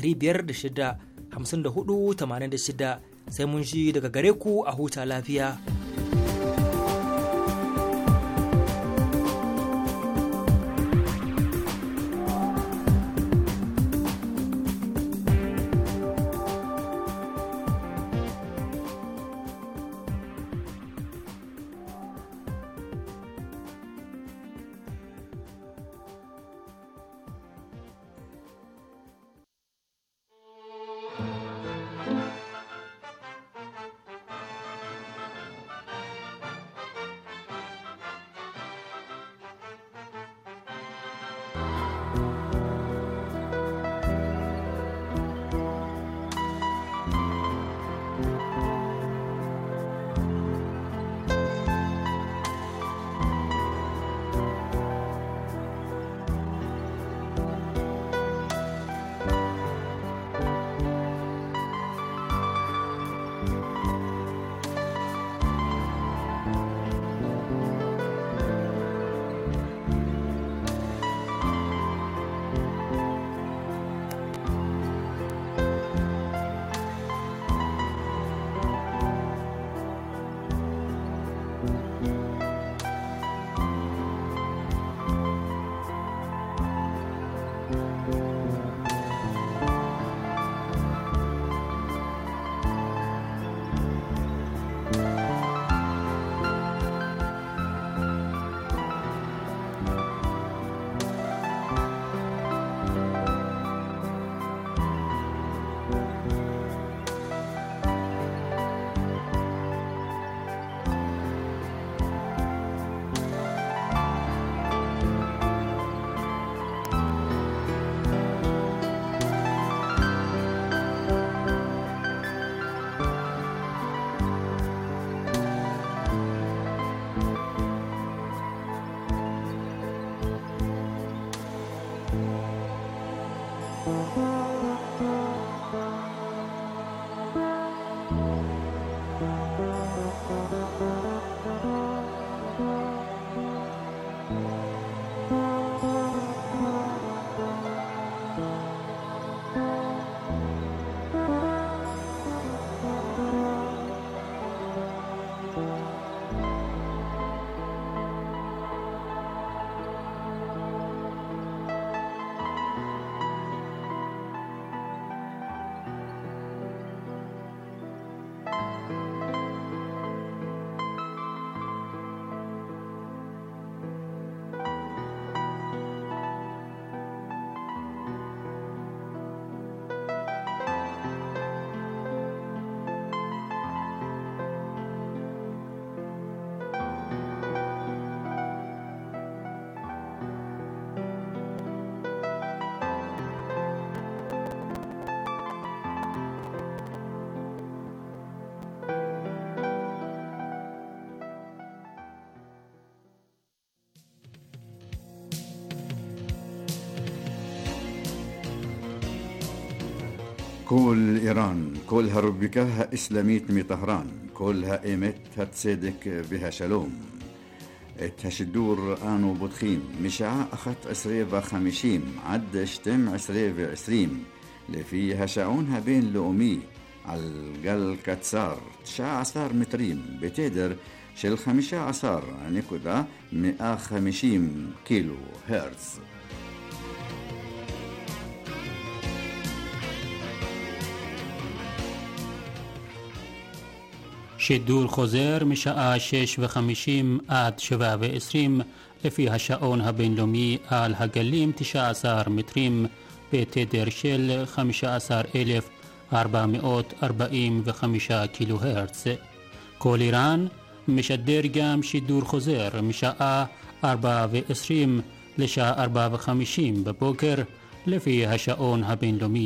506 sai mun ji daga gare ku a huta lafiya. كل إيران كلها ربكها إسلاميت مي طهران كلها إيمت هتسيدك بها شلوم الدور آنو بطخيم مشاع أخت عسرية وخمشيم عد شتم عسرية وعسريم لفي هشعونها بين لؤمي على كتسار تشاع عصار متريم بتدر של 15 مئة خمشيم كيلو هرتز שידור חוזר משעה שש וחמישים עד שבע ועשרים לפי השעון הבינלאומי על הגלים 19 מטרים בתדר של 15,445 קילו הרץ. כל איראן משדר גם שידור חוזר משעה 4 ו לשעה 4 בבוקר לפי השעון הבינלאומי